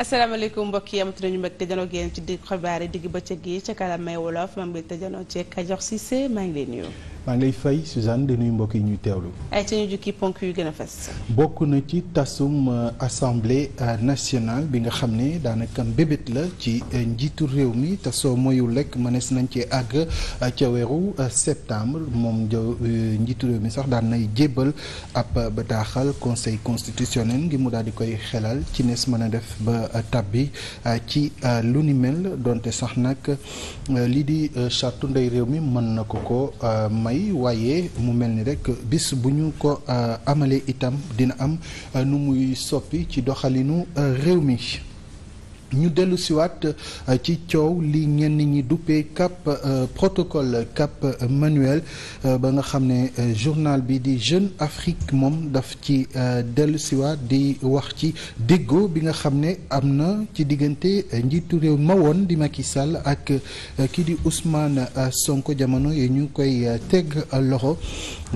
asalaamaaleykum mbokk yi amatu nañu mbégte janoo génn ci digg xibaar yi ba bëccëg yi ca kalamay wolof maa janoo tëjanoo ci Kajoor Cissé maa ngi lay nuyu maa ngi lay fay Suzanne di nuyu mbokk yi ñuy teewlu. ci ñu jukki bokk na ci tasum euh, assemblée euh, nationale bi nga xam ne daanaka mbébét la ci euh, njiitu réew mi te soo moyul rek mënees nañ ci àgg ca weeru septembre moom njiitu réew mi sax daan nay jébbal ab bataaxal conseil constitutionnel ngi mu daal di koy xelal ci nees mën a def ba tabbi ci lu ni mel donte sax nag lii di charte ndey réew mi mën na ko ko may. yi waaye mu mel ni rek bés bu ñu ko euh, amalee itam dina am euh, nu muy soppi ci doxalinu euh, réew mi ñu dellu siwaat euh, ci coow li ñenn ñi duppee cap euh, protocole cap manuel euh, ba nga xam ne journal bi di Jeune Afrique moom daf ci dellu siwaat di wax ci déggoo bi nga xam ne am na ci diggante njiitu réew ma woon di Macky Sall ak kii di Ousmane Sonko jamono yi ñu koy teg loxo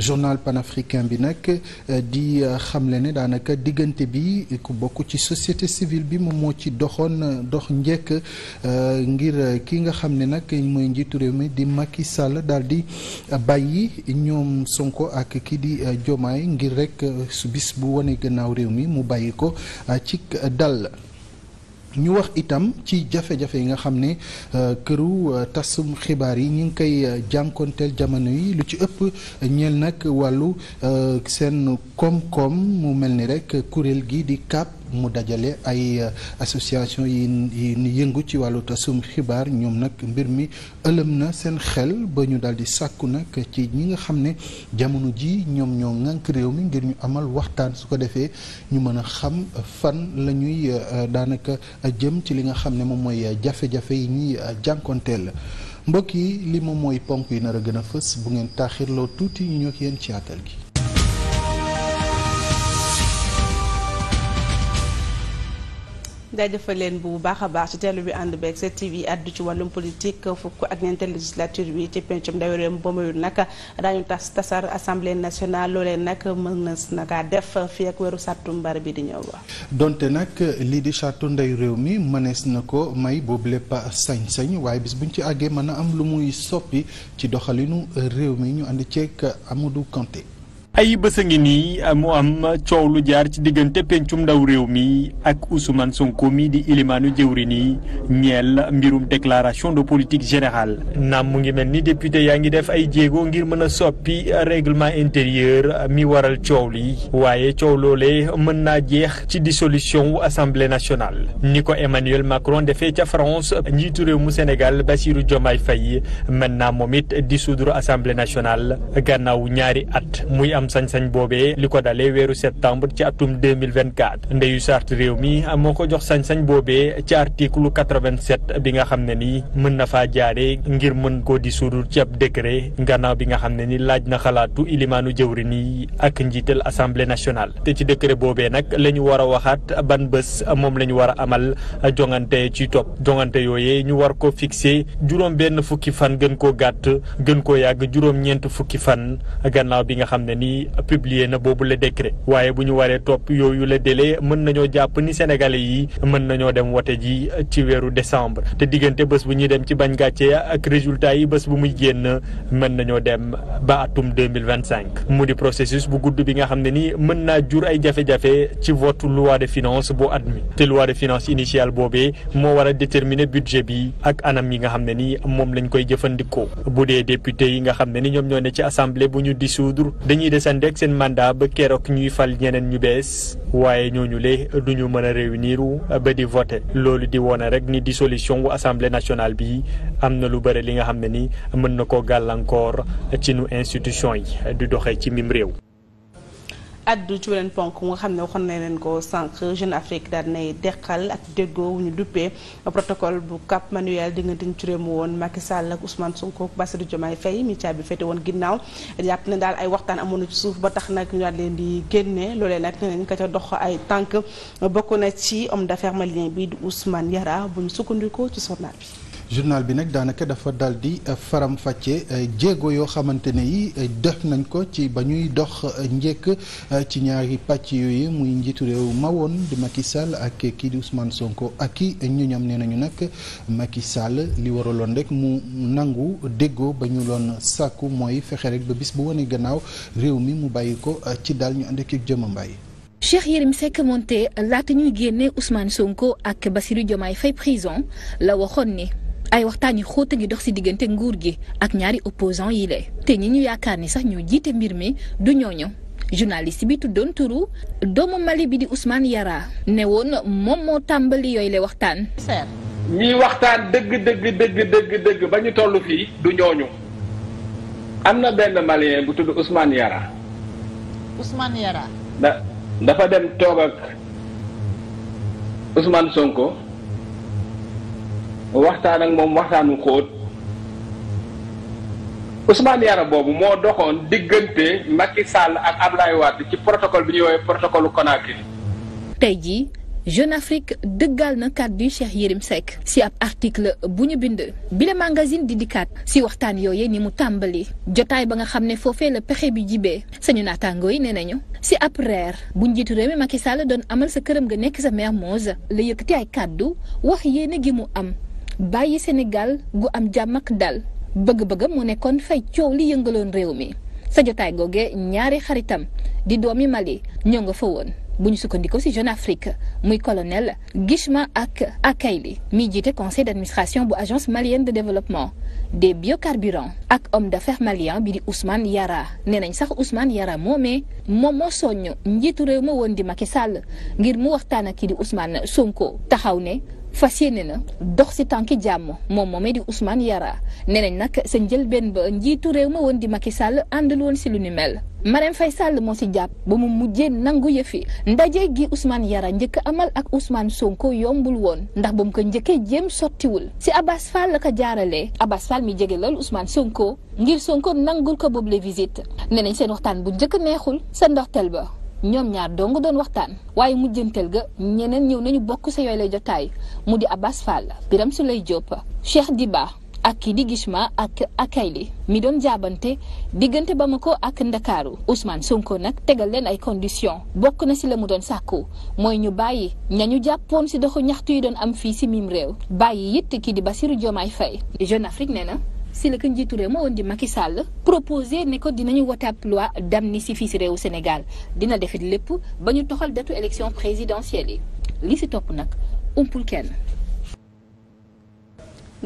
journal panafricain bi nag eh, di eh, xamle ne daanaka diggante bi ku bokk ci société civile bi moom moo ci doxoon eh, dox njëkk ngir ki nga xam ne nag mooy njiitu réew mi di Macky Sall daal di bàyyi ñoom Sonko ak kii di Diomaye ngir rek su bis bu wane gannaaw réew mi mu bàyyi ko ci dal. ñu wax itam ci jafe-jafe yi nga xam ne euh, këru euh, tasum xibaar yi ñu ngi koy euh, jànkonteel jamono yi lu ci ëpp ñeel nag wàllu seen koom-koom mu mel ni rek kuréel gi di CAP mu dajale ay euh, association yi yi yëngu ci wàllu tasum xibaar ñoom nag mbir mi ëlëm na seen xel ba ñu daal di sàkku nag ci ñi nga xam ne jamono ji ñoom ñoo ŋànk réew mi ngir ñu amal waxtaan su ko defee ñu mën a xam fan la ñuy euh, daanaka jëm ci li nga xam ne moom mooy jafe-jafe yi ñuy euh, jànkonteel mbokk yi li moom mooy ponk yi nar a gën a fës bu ngeen taaxirloo tuuti ñu ñoo yéen ci àttal gi jaajëfal leen bu baax a baax ci teelu bi ànd beeg 7TV addu ci wàllum politique fukk ak ñeenteel législature bi ci pencum ndawi réew mi ba mayul nag daañu tas tasar assemblée nationale loolee nag mën na naka def fii ak weeru sàttumbar bi di ñëw wa donte nag lii di charte ndawi réew mi mënees na ko may boobu lépp sañ-sañ waaye bis bu buñ ci àggee mën a am lu muy soppi ci doxalinu réew mi ñu ànd ceeg Amadou Kanté ay bés a ngi nii mu am coow lu jaar ci diggante pencum ndaw réew mi ak Ousmane Sonko mi di ilimaanu jëwri nii ñeel mbirum déclaration de politique générale naam mu ngi mel ni député yaa ngi def ay jéego ngir mën a soppi règlement intérieur mi waral coow li waaye coow loolee mën naa jeex ci dissolution wu assemblée nationale ni ko Emmanuel Macron defee ca France njiitu réew mu Sénégal Bassirou Diomaye fay mën naa moom it dissoudre assemblée nationale gannaaw ñaari at muy am sañ-sañ boobee li ko dalee weeru septembre ci atum 2024 ndeyu charte réew mi moo ko jox sañ-sañ boobee ci article 87 bi nga xam ne ni mën na faa jaaree ngir mën koo di suudul ci ab décret gannaaw bi nga xam ne ni laaj na xalaatu ilimaanu jëwrin nii ak njiital assemblée nationale te ci décret boobee nag la ñu war a waxaat ban bés moom la ñu war a amal jongante ci topp jongante yooyee ñu war ko fixé juróom benn fukki fan gën koo gàtt gën koo yàgg juróom ñeent fukki bi publier na boobu la décret waaye bu ñu waree topp yooyu la délai mën nañoo jàpp ni sénégalais yi mën nañoo dem wote ci weeru décembre te diggante bés bu ñuy dem ci bañ gàcce ak résultat yi bés bu muy génn mën nañoo dem ba atum deux mille vingt cinq mu di processus bu gudd bi nga xam ne ni mën naa jur ay jafe-jafe ci vote loi de finance bu at mi te loi de finance initiale boobee moo war a déterminer budget bi ak anam yi nga xam ne ni moom lañ koy jëfandikoo bu dee ndeg seen mandat ba keroog ñuy fal ñeneen ñu bees waaye ñooñu le duñu mën a réunir ba di voté loolu di woon rek ni di solution assemblée nationale bi am na lu bëri li nga xam ne ni mën na koo gàllankoor ci nu institution yi du doxe ci mim réew addu ci beneen ponk mu nga xam ne waxoon na leen ko sànq Jeune Afrique daal nay deqal ak déggoo wu ñu duppee protocole bu Cap Manuel diggante ñu turéemu woon Macky Sall ak Ousmane Sonko ak Bassirou Diomaye Faye mi bi fete woon ginnaaw jàpp ne daal ay waxtaan amoon na ci suuf ba tax nag ñu daal leen di génne loolee nag nañ ko ca dox ay tànk bokk na ci om d'affaires malien bi di Ousmane Yara bu ñu sukkandikoo ci journal bi journal bi nag daanaka dafa dal di euh, faram-fàccee euh, jéego yoo xamante ne yi euh, def nañ ko ci ba ñuy dox njëkk ci ñaari pàcc yooyu muy njiitu réew ma woon di ki Sall ak kii di Ousmane Sonko ak ki ñu ñoom nee nañu nag Macky Sall li waraloon rek mu nangu déggoo ba ñu loon sàkku mooy fexe rek ba bis bu wane gannaaw réew mi mu bàyyi ko ci daal ñu ànd ak jëmm mbaay Cheikh Yérim Seck moonte laata ñuy génne Ousmane Sonko ak Bassirou Diomaye prison la waxoon ni ay waxtaan yu xóot a ngi dox si diggante nguur gi ak ñaari opposant yi la te ñi ñu yaakaar ni sax ñoo jiite mbir mi du ñooñu journaliste bi tuddoon turu doomu Mali bi di Ousmane Yara ne woon moom moo tàmbali yooyu la waxtaan. ñi waxtaan dëgg dëgg dëgg dëgg dëgg ba ñu toll fii du ñooñu am na benn malien bu tudd Ousmane Yara. Ousmane Yara. da dafa dem toog ak Sonko. waxtaan ak moom waxtaanu xóot Ousmane Yara boobu moo doxoon diggante Macky Sall ak Abdoulaye Wade ci protocole bi ñuy woowee protocole Conakry. tey jii Jeune Afrique dëggal na kàddu Cheikh Yérim Seck si ab article bu ñu bind bile magazine di dikkaat si waxtaan yooyee ni mu tàmbali jotaay ba nga xam ne foofee la pexe bi jibee sañu naataangoo yi nee nañu si ab reer bu njiitu réew mi Macky Sall doon amal sa këram nga nekk sa Mermoz la yëkkati ay kàddu wax yéene gi mu am. bàyyi Sénégal gu am jàmm ak dal bëgg-bëggam mu nekkoon fay coow li yëngaloon réew mi sa jotaay googee ñaari xaritam di doomi Mali ñoo nga fa woon bu ñu sukkandikoo ci Jeune Afrique muy colonel Guichema ak Akayli mi jiite conseil d'administration bu agence malienne de développement des biocarburants ak homme d'affaires malien bi di Ousmane Yara nee nañ sax Ousmane Yara moomee moom moo soññ njiitu réew ma woon di Macky Sall ngir mu waxtaan ak kii di Ousmane sunko taxaw ne fas yéene na dox si tànki jàmm moom moomee di Ousmane Yara nee nañ nag sa njëlbeen ba njiitu réew ma woon di Macky Sall àndal woon si lu ni mel. Marème fay sàll moo si jàpp ba mu mujjee nangu yëfi ndaje gi Ousmane Yara njëkk amal ak Ousmane Sonko yombul woon ndax ba mu ko njëkkee jéem sottiwul si Abbas Fall la ko jaaralee Abbas Fall mi jege lool Ousmane Sonko ngir Sonko nangul ko boobule visite nee nañ seen waxtaan bu njëkk neexul sa ndoxteel ba. ñoom ñaar dong doon waxtaan waaye mujjanteel ga ñeneen ñëw nañu bokk sa yooyu lay jotaay mu di Abbas Fall Biram Souleye Diop di Diba ak kii di Gisma ak Akayli mi doon jaabante diggante ba ma ko ak Ndakaaru Ousmane Sonko nag tegal leen ay conditions bokk na si la mu doon sàkku mooy ñu bàyyi nañu jàppoon si doxu ñaxtu yi doon am fii si miim réew bàyyi it kii di ba Bassirou Diomaye Faye Jeune Afrique nee na si la ko njiitu réew ma woon di Macky Sall proposé ne ko dinañu wote ab loi d'amnistie fii si réewu Sénégal dina defit lépp ba ñu toxal datu élection présidentielle yi li si topp nag umpul kenn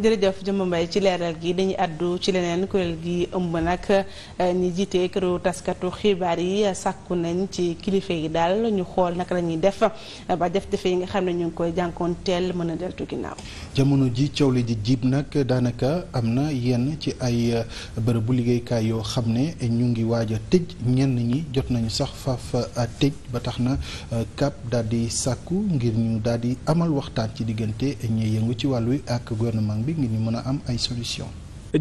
jërëjëf jëmm mbay ci leeral gi dañuy àddu ci leneen kuréel gi ëmb nag eh, ñi jiite këru taskatu xibaar yi sàkku nañ ci kilifa yi daal ñu xool naka lañuy def ba jafe-jafe yi nga xam ne ñu ngi koy jànkoonteel mën a deltu ginnaaw. jamono ji coow li di jiib nag daanaka am na yenn ci ay eh, bërëbu liggéeykaay yoo xam ne ñu ngi waaja a tëj ñenn ñi jot nañu sax faf eh, tëj ba tax na CAP daal di sàkku ngir ñu daal di amal waxtaan ci diggante ñi yëngu ci wàll wàllu ak gouvernement bi ngir ñu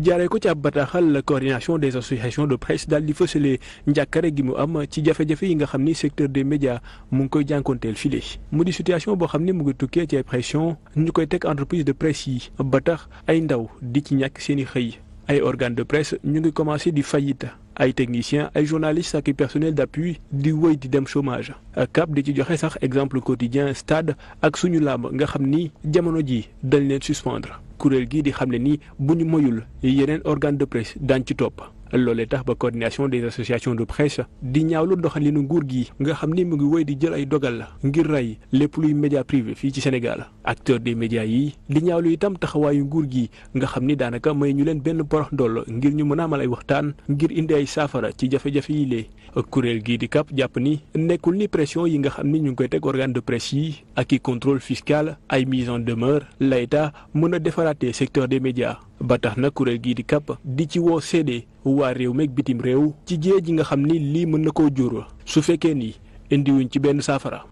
mën ko ci ab bataaxal la coordination des associations de presse daal di fësale njàkkare gi mu am ci jafe-jafe yi nga xam ni secteur des médias mu ngi koy jànkoonteel file mu di situation boo xam ne mu ngi tukkee ci pression ñu koy teg entreprise de presse yi ba tax ay ndaw di ci ñàkk seen i xëy ay organes de presse ñu ngi commencé di faillite ay techniciens ay journalistes ak i personnel d'appui di woy di dem chômage CAP di ci joxe sax exemple quotidien stade ak suñu làmb nga xam ni jamono ji dañu leen suspendre kuréel gi di xam ne ni bu ñu moyul yeneen organe de presse daañ ci topp loolee tax ba coordination des associations de presse di ñaawlu doxalinu nguur gi nga xam ni mu ngi woy di jël ay dogal ngir rey lépp luy média privé fii ci Sénégal acteur des médias yi di ñaawlu itam taxawaayu nguur gi nga xam ni daanaka may ñu leen benn borox ndoll ngir ñu mën a amal ay waxtaan ngir indi ay saafara ci jafe-jafe yi kuréel gii di CAP jàpp ni nekkul ni pression yi nga xam ni ñu ngi koy teg organe de presse yi ak i contrôle fiscal ay mise en demeure l'État mën a defaraatee secteur des médias ba tax na kuréel gii di kàpp di ci woo seede waa réew meeg bitim réew ci jee ji nga xam ni lii mën na koo jur su fekkee nii indiwuñ ci benn saafara.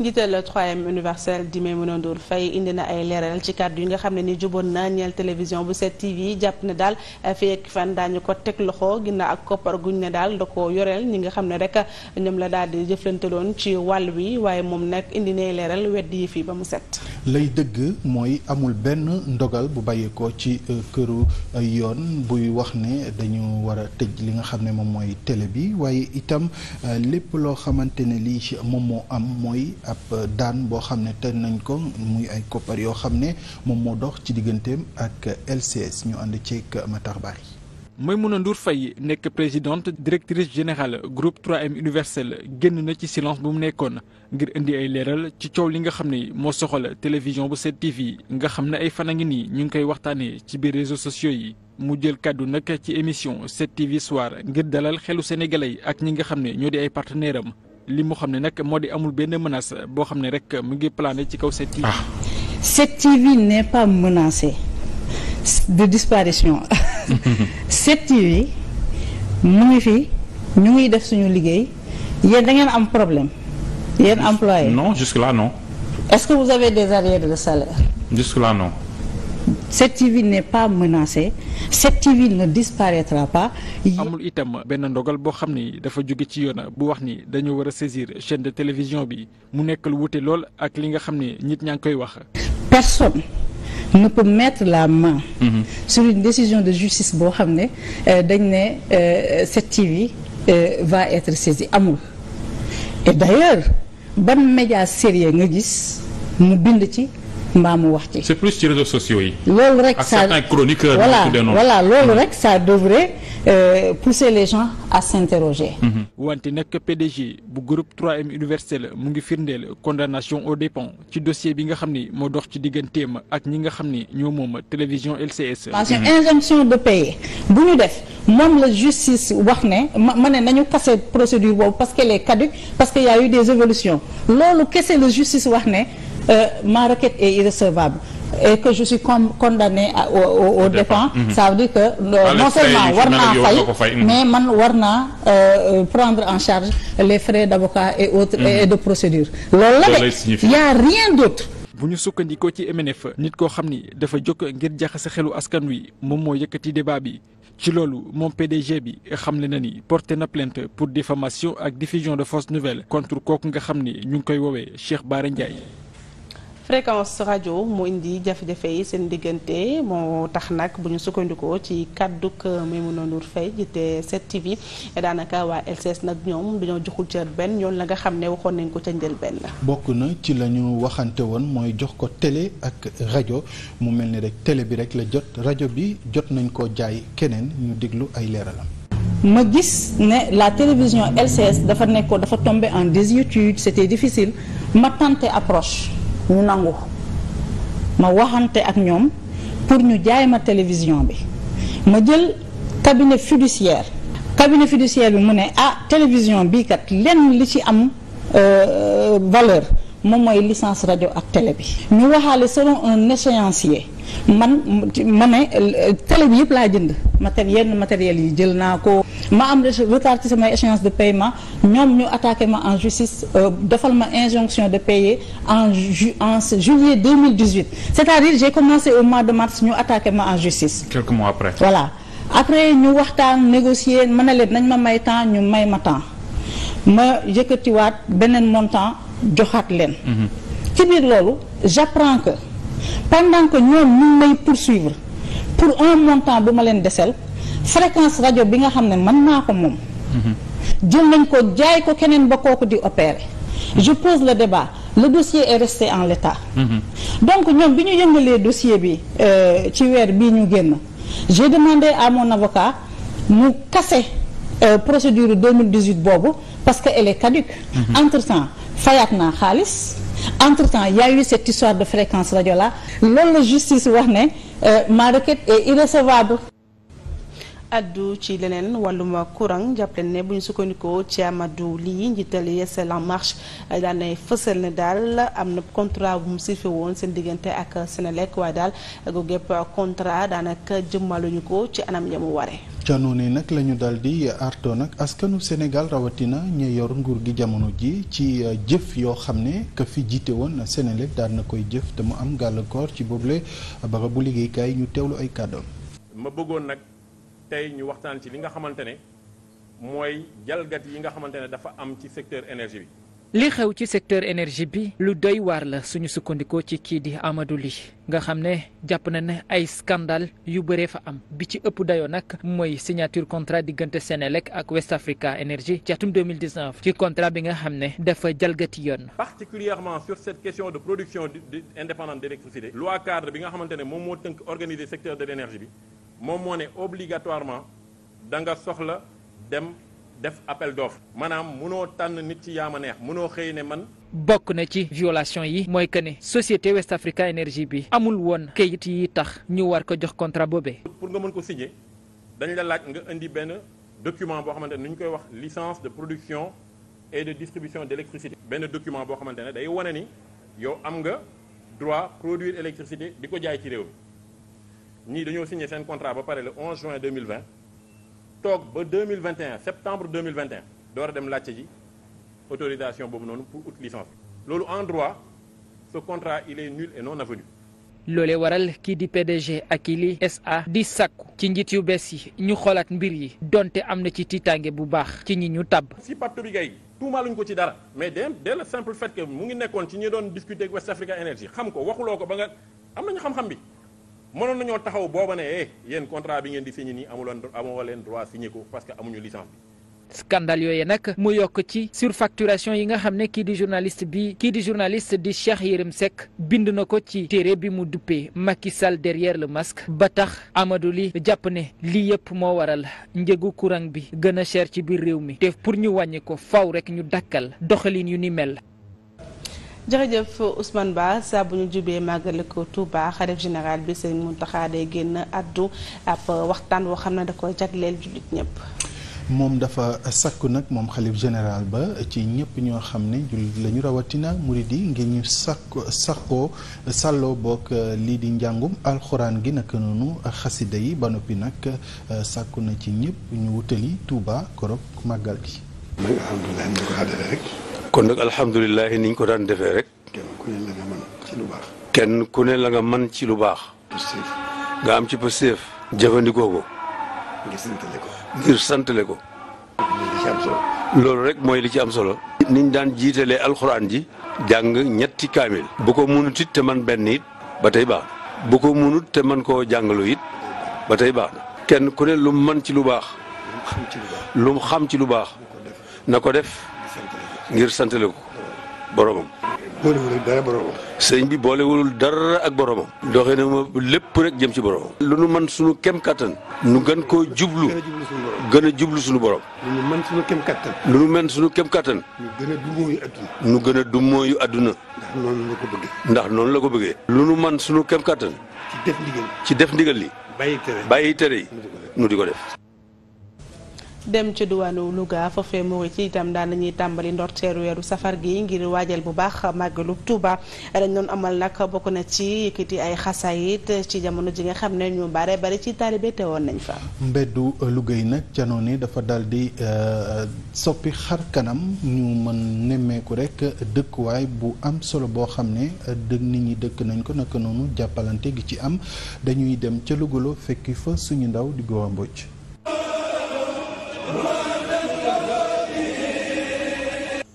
njiital 3M universel di Maimouna Ndour Faye indi na ay leeral ci kàddu yi nga xam ne ni juboon na ñeel télévision bu 7TV jàpp ne daal eh, fii ak fan daañu ko teg loxo ginna ak koppar guñ ne daal da ko yoreel ñi nga xam ne rek ñoom la daal di jëflanteloon ci wàll wi waaye moom nag indi nay leeral wedd yi fii ba mu set. lay dëgg mooy amul benn ndogal bu ko ci eh, këru eh, yoon buy wax ne dañu war a tëj li nga xam ne moom mooy télé bi waaye itam lépp loo xamante ne lii moom moo am mooy. ab daan boo xam ne ten nañ ko muy ay koppar yoo xam ne moom moo dox ci digganteem ak LCS ñu ànd ceeg Matar mun a Ndour Faye nekk présidente directrice générale groupe 3M universel génn na ci silence bu mu nekkoon ngir indi ay leeral ci coow li nga xam ne moo soxal télévision bu 7TV nga xam ne ay fan a ngi nii ñu ngi koy waxtaanee ci biir réseau sociaux yi mu jël kàddu nag ci émission 7TV soir ngir dalal xelu sénégalais ak ñi nga xam ne ñoo di ay partenaires am li moo xam ne nag moo di amul benn menace boo xam ne rek mu ngi plané ci kaw 7TV. ah 7TV n'est pas menacée de disparition. 7TV mu ngi fi ñu ngi def suñu liggéey yéen da ngeen am problème yéen employé. non jusque la non. est-ce que vous avez des arriérés de salaire. jusque là non. cette TV n'est pas menacée cette TV ne disparaîtra pas. amul itam benn ndogal boo xam ni dafa jóge ci yoon bu wax ni dañoo war a saisir chaine de télévision bi mu nekk lu wute lool ak li nga xam ni nit ñaa ngi koy wax. personne ne peut mettre la main. Mm -hmm. sur une décision de justice boo xam ne euh, dañ ne euh, cette TV euh, va être saisie amul et d'ailleurs ban média sérieux nga gis mu bind ci. mbaa mu wax ci. c'est plus ci réseaux sociaux yi. loolu rek ça ak certains chroniqueurs. voilà voilà loolu mm-hmm. euh, pousser les gens à s'interroger. Mm-hmm. wante nag PDG bu groupe 3M Université la mu ngi firndeel condamnation aux dépens ci dossier bi nga xam ni moo dox ci digganteem ak ñi nga xam ni ñoo moom télévision LCS. parce que mm-hmm. injonction de payer bu ñu def moom la justice wax ne ma ma ne nañu casser procédure boobu parce qu'elle est caduque parce qu'il y a eu des évolutions loolu kese la justice wax ne. euh, ma requête est irrecevable et que je suis con condamné au dépens. Mhm. ça veut dire que non seulement war naa fay mhm. mais man war naa euh, euh, prendre en charge les frais d'avocat et autres et mhm. de procédure. loolu la de y a rien d'autre. bu ñu sukkandikoo ci MNF nit koo xam ni dafa jóg ngir jaxase xelu askan wi moom moo yëkkati débat bi ci loolu moom PDG bi ne na ni porté na plainte pour diffamation ak diffusion de fausses nouvelles contre kooku nga xam ni ñu ngi koy woowee Cheikh Bara fréquence rajo mu indi jafe-jafe yi seen diggante moo tax nag bu ñu sukkandikoo ci kàdduk Maimouna Ndour Faye te 7TV daanaka waa LCS nag ñoom dañoo joxul cër benn yoon la nga xam ne waxoon nañ ko ca njëlbeen. bokk na ci la ñu waxante woon mooy jox ko télé ak rajo mu mel ni rek télé bi rek la jot rajo bi jot nañ ko jaay keneen ñu déglu ay leeralam. ma gis ne la télévision LCS dafa nekkoo dafa tombe en des désuétude c'était difficile ma tenté approche. ñu nangu ma waxante ak ñoom pour ñu jaay ma télévision bi ma jël cabinet fiduciaire cabinet fiduciaire bi mu ne ah télévision bii kat lenn li ci am euh, valeur moom mooy licence rajo ak télé bi ñu waxaale selon un échéancier man ma ne télé bi yëpp laa jënd matériel yenn matériel yi jël naa ko ma am retard ci samay échéance de paiement ñoom ñu attaqué ma en justice euh, defal ma injonction de payer en ju en juillet 2018 c'est-à-dire j'ai commencé au mois de mars ñu attaqué ma en justice. quelques mois après. voilà après ñu waxtaan négocier ma ne leen nañ ma may temps ñu may ma temps ma yëkkatiwaat beneen montant joxaat leen. Mhm. ci biir loolu j'apprends que pendant que ñoom ñu ngi may poursuivre pour un montant bu ma leen desel fréquence rajo bi nga xam ne man naa ko moom. Mhm. jël nañ ko jaay ko keneen ba kooku di opérer. Mhm. je pose le débat le dossier est resté en l'état mhm. donc ñoom bi ñu yëngalee dossier bi euh, ci weer bi ñu génn j'ai demandé à mon avocat mu casser euh, procédure 2018 boobu parce que elle est caduque entre temps fayaat naa xaalis entre temps y a eu cette histoire de fréquence radio là loolu la justice wax ne euh, ma est irrecevable addu ci leneen wàllum courant jàppaleen ne bu ñu sukkandikoo ci Amadou lii njiital Yeesal en marche daan nay fësal ne daal am na contrat bu mu siifee woon seen diggante ak Senelec waaye daal googu yëpp contrat daanaka jëmmaluñu ko ci anam ya mu waree. ca noonu nag la ñu daal di arto nag askanu Sénégal rawatina ñi yor nguur gi jamono ji ci euh, jëf yoo xam ne ka fi jiite woon Senelec daan na koy jëf te mu am gàllankoor ci boobule barab bu liggéeykaay ñu teewlu ay kàddoom. tey ñu waxtaan ci li nga xamante ne mooy jalgati yi nga xamante ne dafa am ci secteur énergie bi. li xew ci secteur énergie bi lu doy waar la suñu sukkandiku ci kii di Amadou Ly nga xam ne jàpp na ne ay scandale yu bëree fa am bi ci ëpp dayoo nag mooy signature contrat diggante Senelec ak West Africa Energy ci atum 2019 ci contrat bi nga xam ne dafa jalgati yoon. particulièrement sur cette question de production indépendante d'électricité loi cadre moom moo tënk organiser secteur de l'énergie moom moo ne obligatoirement da nga soxla dem def appel d'offre maanaam munoo tànn nit ci yaama neex mënoo xëy ne man bokk na ci violation yi mooy que ne société West Africa Energy bi amul woon kayit yi tax ñu war ko jox contrat boobee pour nga mën ko signer dañu la laaj nga indi benn document boo xamante ne nu ñu koy wax licence de production et de distribution d'électricité benn document boo xamante ne day wane ni yow am nga droit produire électricité di ko jaay ci réew mi ñii dañoo signé seen contrat ba pare le 11 juin 2020 toog ba 2021 septembre 2021 door a dem laajte ji autorisation boobu noonu pour ut loolu en droit ce contrat il est nul et non avenu. loolee waral kii di PDG Akilee SA di sàkku ci njiit yu bees yi ñu xoolaat mbir yi donte am na ci tiitaange bu baax ci ñi ñu tàbb. si Pape Toby tuumaaluñ ko ci dara mais dès dès simple fait que mu ngi nekkoon ci ñi doon discuter ak West Africa Energy xam ko waxuloo ko ba nga am nañu xam bi. mënoon nañoo taxaw booba ne eh yéen contrat bi ngeen di signé nii amuloon amoo leen droit signé ko parce que amuñu licence bi. scandale yooyu nag mu yokk ci surfacturation yi nga xam ne kii di journaliste bi kii di journaliste di Cheikh Yérim Seck bind na ko ci téere bi mu duppee Macky Sall derrière le masque ba tax Amadou li jàpp ne lii yëpp moo waral njëgu courant bi gën a cher ci biir réew mi te pour ñu wàññi ko faw rek ñu dakkal doxalin yu ni mel. jërëjëf Ousmane baa saa bu ñu jubee màggal ko Touba xalif général bi sëñ taxaa day génn addu ab waxtaan woo xam ne da ko jagleel jullit ñëpp. moom dafa sakku nag moom xalif général ba ci ñëpp ñoo xam ne jullit la rawatina murid yi ngir ñu sakko sakkoo sàlloo bokk euh, lii di njàngum alxuraan gi naka noonu euh, xasida yi ba noppi nag euh, sàkku na ci ñëpp ñu wutali Touba korok màggal gi. kon nag alhamdulilah niñ ko daan defee rek. kenn ku ne la nga mën ci lu baax. nga am ci pësteef. jëfandikoo ko. ngir santale ko. ngir loolu rek mooy li ci am solo. niñ daan jiitalee alxuraan ji. jàng ñetti kaamil. bu ko munut it te man benn it ba tey baax na. bu ko munut te man koo jàngalu it ba tey baax na. kenn ku ne lu mu mën ci lu baax. lu mu xam ci lu baax. na ko def. ngir santale ko boromam. boolewulul bi boolewul dara ak boromam. doxe na ma lépp rek jëm ci boromam. lu nu man sunu kem kattan. nu gën koo jublu. gën a jublu sunu borom. lu nu man sunu kem kattan. lu nu man sunu kem kattan. nu gën a dummóoyu adduna. nu gën a dummóoyu adduna. ndax noonu la ko bëggee. ndax noonu la ko bëggee. lu nu man sunu kem kàttan ci def ndigal. li. bàyyi bàyyi tere yi. nu di ko def. dem ci duwaanu Louga foofee muri ci itam daan nañuy tàmbali ndorteeru weeru safar gi ngir waajal bu baax màggalu Touba dañ doon amal nag bokk na ci yëkkati ay xasaayit ci jamono ji nga xam ne ñu bare bari ci taalibe woon nañ fa. mbeddu Louga yi nag ca noonu dafa daal di euh, soppi xar kanam ñu mën nemmeeku rek dëkkuwaay bu am solo boo xam ne dëgg nit ñi dëkk nañ ko nag noonu jàppalante gi ci am dañuy dem ca Louga fekki fa suñu ndaw di Gowa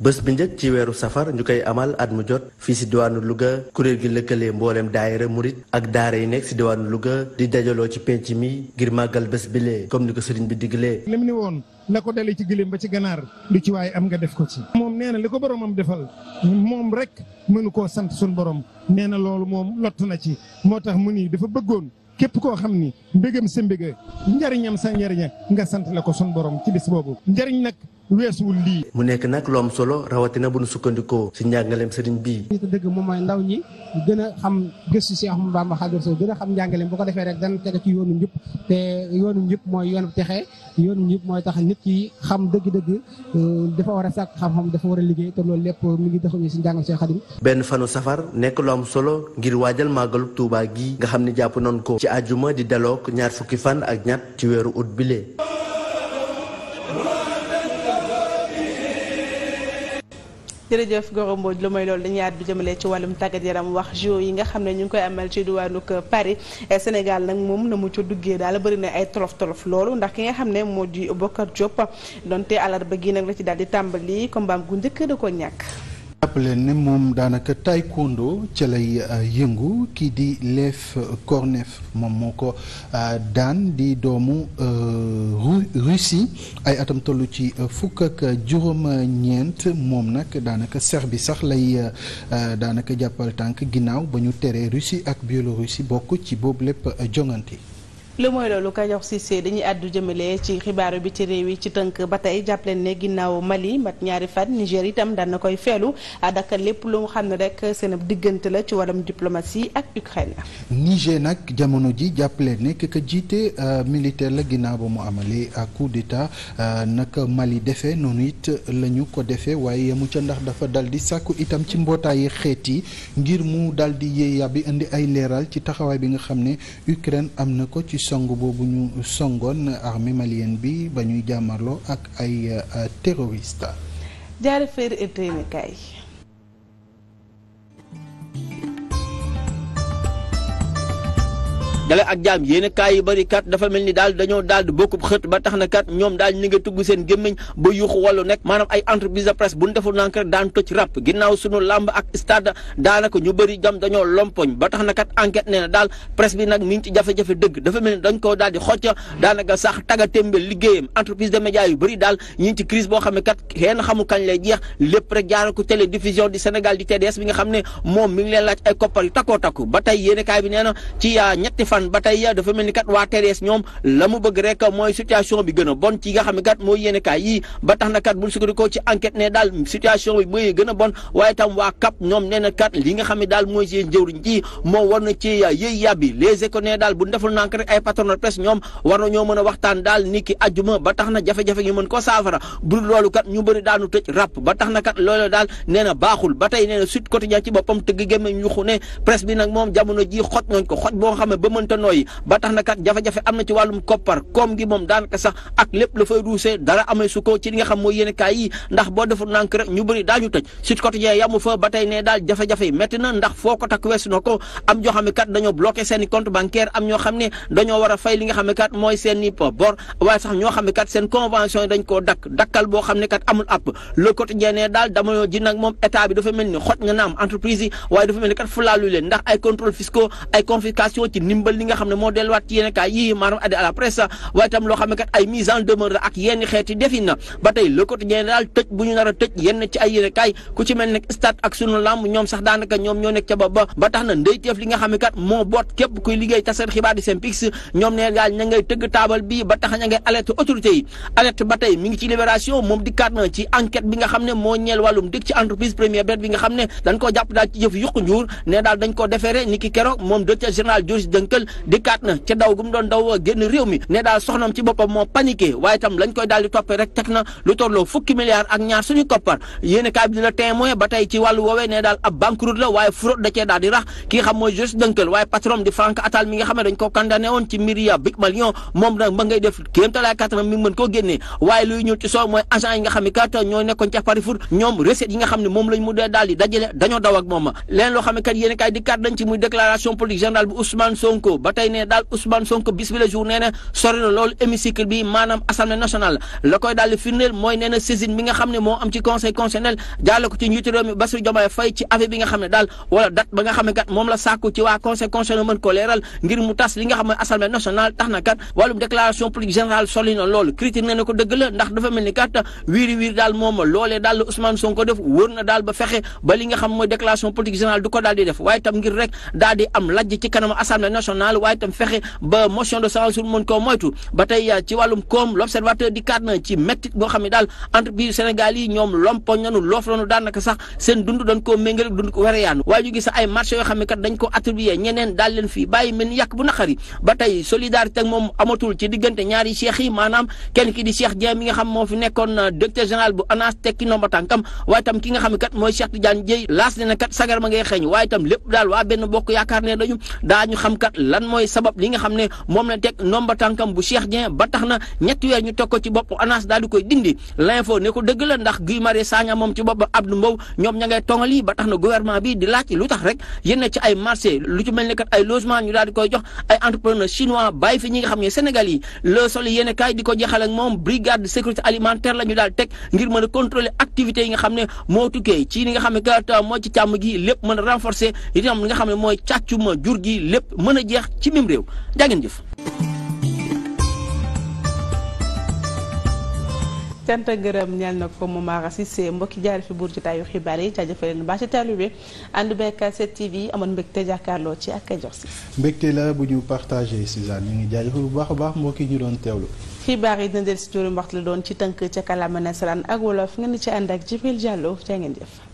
bës bi njëkk ci weeru safar ñu koy amal at mu jot fii si diwaanu Louga kuréel gi lëkkalee mbooleem daayira murit ak daara yi nekk si diwaanu Louga di dajaloo ci penc mi ngir màggal bés bi lee comme ni ko sëriñ bi diglee. lim ni woon la ko dalee ci gëléem ba ci ganaar lu ci waaye am nga def ko ci. moom nee na li ko boromam defal moom rek mënu koo sant sunu boroom nee na loolu moom lott na ci moo tax mu ni dafa bëggoon. képp koo xam ni mbégam sa mbéga njariñam sa njariña nga sant la ko sun borom ci bis boobu njariñ nag weesuwul lii. mu nekk nag loom solo rawatina bu nu sukkandikoo si njàngaleem sëriñ bii. li dëgg moom mooy ndaw ñi gën a xam gëstu si Ahmadou Bamba Xaadimu Rasuul gën a xam njàngaleem bu ko defee rek dana ci yoonu njub te yoonu njub mooy yoonu texe yoonu njub mooy tax nit ki xam dëgg-dëgg euh, dafa war a sàkk xam dafa war a liggéey te loolu lépp mi ngi dëxuñu si njàngam seen xadim. benn fanu safar nekk lu solo ngir waajal màggalu Tuubaa gi nga xam ne jàpp noonu ko ci àjjuma di daloog ñaar fukki fan ak ñatt ci weeru ut bile jërëjëf Gora Mbodj lu may loolu dañuy bu jëmalee ci wàllum tàggat yaram wax JO yi nga xam ne ñu ngi koy amal ci diwaanug Paris eh, Sénégal nag moom na mu ca duggee daal bëri na ay tolof tolof loolu ndax ki nga xam ne moo di Bokar Diop donte alarba gi nag la ci daal di tàmbali combat gu njëkk da ko ñàkk jàppaleen ne moom daanaka taekwondo ca lay euh, yëngu kii di Lev Kornev moom moo ko euh, daan di doomu euh, Russie ay atam toll ci fukk moom nag daanaka bi sax lay daanaka jàppal tànk ginnaaw ba ñu teree Russie ak Biélorussie bokk ci boobu lépp jongante li mooy loolu Kajoor Cissé dañuy àddu jëmale ci xibaaru bi ci réew yi ci tënk ba tey jàppaleen ne ginnaaw Mali mat ñaari fan Niger itam daan na koy feelu dakkal lépp lu mu xam ne rek seen diggante la ci wàllum diplomatie ak Ukraine. nag jamono ji jàppaleen ne que jiite euh, militaire la ginnaaw ba mu amalee euh, coup d'état euh, naka Mali defee noonu it la ñu ko defee waaye yemu ca ndax dafa dal di sàkku itam ci mbootaayi xeet yi ngir mu dal di yéeya bi indi ay leeral ci taxawaay bi nga xam ne Ukraine am na ko ci. song boobu ñu songoon armée malienne bi ba ñuy jàmmarloo ak ay euh, terroriste jaare fayr ëtt yéenekaay dale ak jaam yéen kaay yu bari kat dafa mel ni daal dañoo daal di bokkub xët ba tax na kat ñoom daal ñi nga tugg seen gémmiñ ba yuuxu wallu nekk maanaam ay entreprise de presse bu ñu deful nank rek daan toj ràpp ginnaaw sunu làmb ak stade daanaka ñu bëri jam dañoo lompoñ ba tax na kat enquête nee na daal presse bi nag ngi ci jafe dëgg dafa mel ni dañ koo daal di xocca daanaka sax taga témbe liggéeyam entreprise de yu bëri daal ñi ngi ci crise boo xam ne kat kenn xamu kañ lay jeex lépp rek jaare ko télédiffusion du Sénégal di TDS bi nga xam ne moom mi ngi leen laaj ay koppar yu takkoo takku ba tey yéen a kaay bi nee na ci ah, ñetti naan ba tey dafa mel ni kat waa TDS ñoom la mu bëgg rek mooy situation bi gën a bon ci nga xam kat mooy yéene kaay yii na kat bu ñu sukkandikoo ci enquête ne daal situation bi mooy gën a bon waaye tam waa CAP ñoom nee na kat li nga xam ne daal mooy seen jëwriñ ji moo war na ci yëy yàbbi les économies daal bu ñu deful nànk ay patronat presse ñoom war na ñoo mën a waxtaan daal ni ki ajjuma na jafe-jafe ñu mën ko saafara bu loolu kat ñu bëri xawoonte nooyi ba tax na kat jafe-jafe am na ci wàllum koppar koom gi moom daanaka sax ak lépp la fay ruusee dara amee su ci li nga xam mooy yéen yi ndax boo deful nànk rek ñu bëri daañu tëj Sud Quotidien yamu fa ba tey ne daal jafe-jafe yi métti ndax foo ko takk weesu na ko am joo kat dañoo bloqué seen compte bancaire am ñoo xam ne dañoo war a li nga xam kat mooy seen i bor waaye sax ñoo xam kat seen convention yi dañ koo dakk dakkal boo wala a liggéey moom dikkaat ci enquête bi nga xam ne moo ñeel wàllum dëkk ci entreprise première bet bi nga xam ne dañ koo jàpp daal ci jëf yuq ne daal dañ koo defeere ni keroog moom directeur général Joris Dënkël Diakhal dikkaat na ca daw gu doon daw génn réew mi ne daal soxnam ci boppam moo paniqué waaye itam lañ koy daal di toppee rek teg na lu tolloo fukki milliards ak ñaar suñu koppar yéen kaay di rax dañ ci Miria Big Malion moom nag ma ngay def kéemtalaay Sonko ba tey ne daal Ousmane Sonko bis bi la jour nee na sori hémicycle bi maanaam assemblée nationale la koy daal di firndeel mooy nee na bi nga xam ne moo am ci conseil constitutionnel jaarale ko ci njiitu réew mi Bassirou Diomaye ci avis bi nga xam ne daal wala date ba nga xam kat moom la sàkku ci waa conseil constitutionnel mën ko leeral ngir mu tas li nga xam ne assemblée nationale tax na kat wàllum déclaration politique générale sori na critique nee na nationale waaye itam fexe ba motion de censure mën koo moytu ba tey ah, ci wàllum koom l'observateur di kaat na ci métti boo xam ne daal entreprise Sénégal yi ñoom lompoñ nanu loof lanu daanaka sax seen dund dañ koo méngale dund ko were waaye ñu gis ay marché yoo xam ne kat dañ ko attribué ñeneen daal leen fii bàyyi mel ni yàq bu naqari ba tey solidarité moom amatul ci diggante ñaari cheikh yi maanaam kenn ki di Cheikh Dieng mi nga xam moo fi nekkoon ah, directeur général bu ANAS tekki nomba lan mooy sabab li nga xam ne moom la teg nomba tànkam bu Cheikh Dieng ba tax na ñetti weer ñu teg ko ci bopp ANAS daal di koy dindi l'info ne ko dëgg la ndax Guy Marius Sagna moom ci bopp Abdou Mbow ñoom ña ngay tongali ba tax na gouvernement bi di laaj lu tax rek yenn ci ay marché lu ci mel ni kat ay logement ñu daal di koy jox ay entrepreneur chinois bàyyi fi ñi nga xam ne Sénégal yi le sol yéen kaay di ko jeexal ak moom brigade sécurité alimentaire la ñu daal teg ngir mën a contrôler activités yi nga xam ne moo tukkee ci li nga xam ne kat moo gi lépp mën a renforcer nga xam ne mooy càccuma jur gi lépp mën a jeex jeex ci même réew jaa gërëm ñeel na ko Momar Cissé mbokki jaare fi buur jotaayu xibaar yi jaajëfal leen baax ci taalu bi ànd beeg 7TV amoon mbégte jàkkaarloo ci ak jox si. mbégte la bu ñu partagé Suzanne ñu ngi jaajëfal bu baax a baax mbokki ñu doon teewlu. xibaar yi dina del si juróom waxtu la doon ci tënk ca kàllaama nasaraan ak wolof ngeen ci ànd ak Jibril Diallo jaa ngeen jëf.